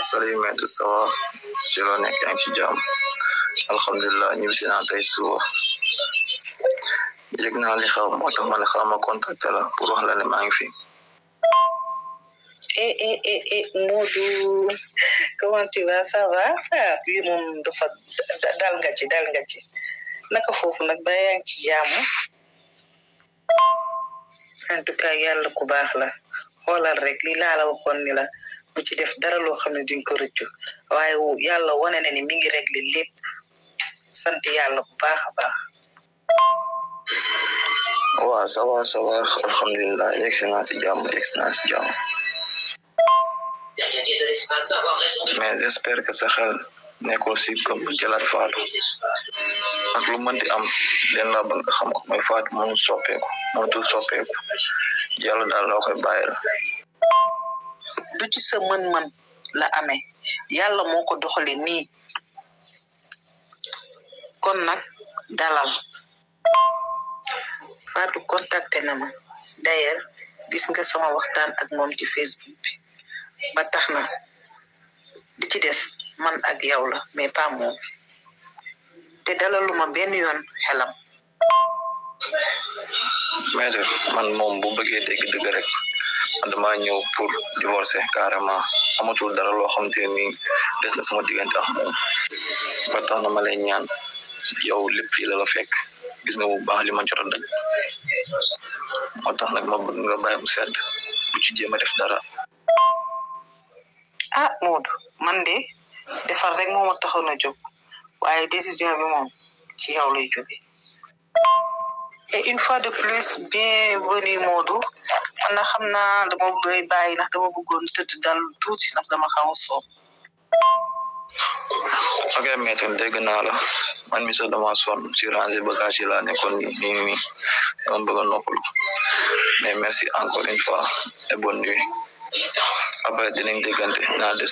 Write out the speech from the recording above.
Salima to sawa ci lo nek yang ci jam alhamdullilah ñu ci na tay suba yëg naa li xaw moo tax ma la xaw ma la pour wax la ne maa ngi fi eh eh eh eh Modou comment tu vas ça va ah lii moom dafa dal nga ci dal nga ci naka foofu nag ba yaa ngi ci jaamu en tout cas yàlla ku baax la xoolal rek li laa la waxoon ni la du ci def dara lo xamne duñ ko rëccu waye yalla woné né ni mi ngi régler lépp sant yalla bu baax baax wa ça va ça va alhamdulillah yegg si naa si jàmm yegg si naa mais j'espère que sa xel nekkul si comme jëlaat faatu ak lu mënti am leen la bëgg nga xam ko mooy faatu mënu soppeeku mënatul soppeeku yàlla daal loo koy bàyyi la du ci sa man ya la amé yalla moko doxale kon nak dalal Fatou contacté na ma d'ailleurs gis nga sama waxtan ak mom ci facebook bi ba taxna di ci des man ak yaw la mais pas mom te dalaluma ben yoon xelam. maître man mombu bu bëggee dégg dëgg rek. damaa ñëw pour divorcer carrément amatul dara loo xam te ni des na sama diggante ak moom ba tax na ma lay ñaan yow lépp fii la la fekk gis nga bu baax li ma jot a tax nag ma bëgg nga bàyyi mu sedd bu ci jéem a def dara. ah Moodu man defar rek moo ma taxaw na jóg waaye décision bi moom ci yow lay jóge et une fois de plus bienvenue Moodu ndax xam naa dama bëgg bàyyi ndax dama bëggoon tëdd dal tuuti ndax dama xaw a soob. ok maître dégg naa la man mi sax dama sonn si ranger bagage yi laa nekkoon nii nii nii dama bëgg a noppalu mais encore une fois et bonne nuit après dinañ déggante naa def